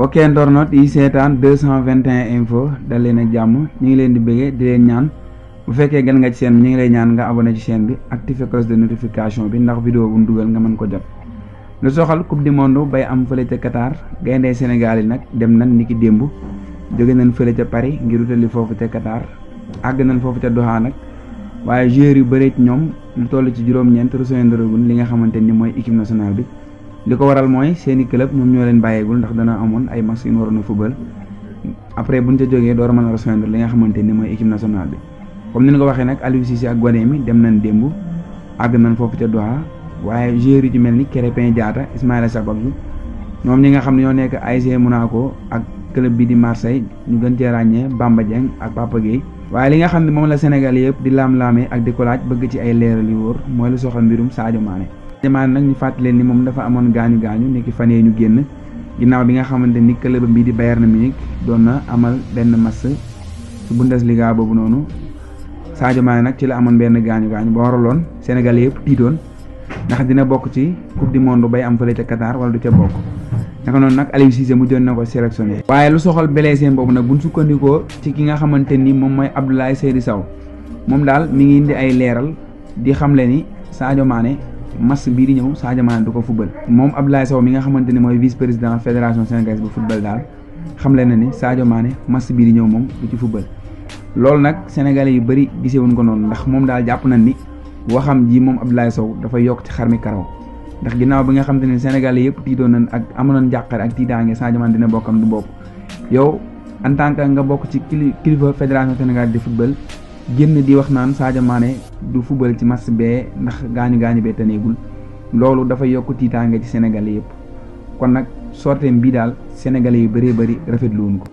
mbokkee ndornoot yi seetaan 221 info dal leen ak jàmm ñu ngi leen di bëggee di leen ñaan bu fekkee gan nga ci seen ñu ngi lay ñaan nga abonné ci chaîne bi activé cloche de notification bi ndax vidéo bu dugal nga mën ko jot lu soxal coupe di monde bay am fële ca Qatar gayndee Sénégal yi nag dem nañ niki démb jóge nan fële ca Paris ngir utali foofu ca Qatar àgg nan foofu ca Doha nag waaye joueurs yu bëri ñoom lu toll ci juróom-ñeent rejoindre gun li nga xamante ni mooy équipe bi liko waral moy seni club ñoom ñoo leen bàyyeegul ndax dana amone ay match yu waroon a football après buñ ca joggé door a mën rejoindre li nga xamante ni mooy équipe nationale bi comme ni nga waxé nak Aliou Cissé ak gone mi dem nañ dembu ag nañ fofu ci Doha waye jëri yu ci mel ni Krépin Diatta Ismaïla Sarr ñoom ñi nga xamni ñoo nekk AS Monaco ak club bi di Marseille ñu gën ci Bamba Dieng ak Papa Gueye waye li nga xamni mom la Sénégal yépp di lam lamé ak di ko laaj bëgg ci ay leeral yu lu soxal mbirum Sadio Mané Iliman nak ñu fàttali leen ni moom dafa amoon gaañu gaañu ni fan yee ñu génn ginnaaw bi nga xamante ni club bi di Bayern Munich doon na amal benn match ci Bundesliga boobu noonu Sadio Mané nag ci la amoon benn gaañu gaañu ba waraloon Sénégal yëpp tiitoon ndax dina bokk ci coupe du monde bay am fële ca Qatar wala du ca bokk naka noonu nag Aliou Cissé mu jot na ko sélectionné. waaye lu soxal blessé boobu nag buñ sukkandikoo ci ki nga xamante ni moom mooy Abdoulaye Seydou Sow moom daal mi ngi indi ay leeral di xamle ni Sadio Mané match bii di ñëw Sadio Mané du ko football moom Abdoulaye Sow mi nga xamante ne mooy vice président fédération sénégalaise bu football daal xam le na ni Sadio Mané match bii di moom du ci loolu nag sénégalais yu bëri gisewuñ ko noonu ndax moom daal jàpp na ni waxam ji moom Abdoulaye Sow dafa yokk ci xar mi karaw ndax ginnaaw bi nga xamante ne sénégalais yëpp tiitoon nañ ak amoon nañ jàqare ak tiitaange Sadio Mané dina bokkam du bokk yow en tant que nga bokk ci kilifa fédération sénégalaise de football. génn di wax naan Sadio Mané du football ci match bee ndax gaañu gaañu bee taneegul loolu dafa yokk tiitaange ci Sénégalais yëpp kon nag sorteem bii daal Sénégalais yu bëree bëri rafetlu ko.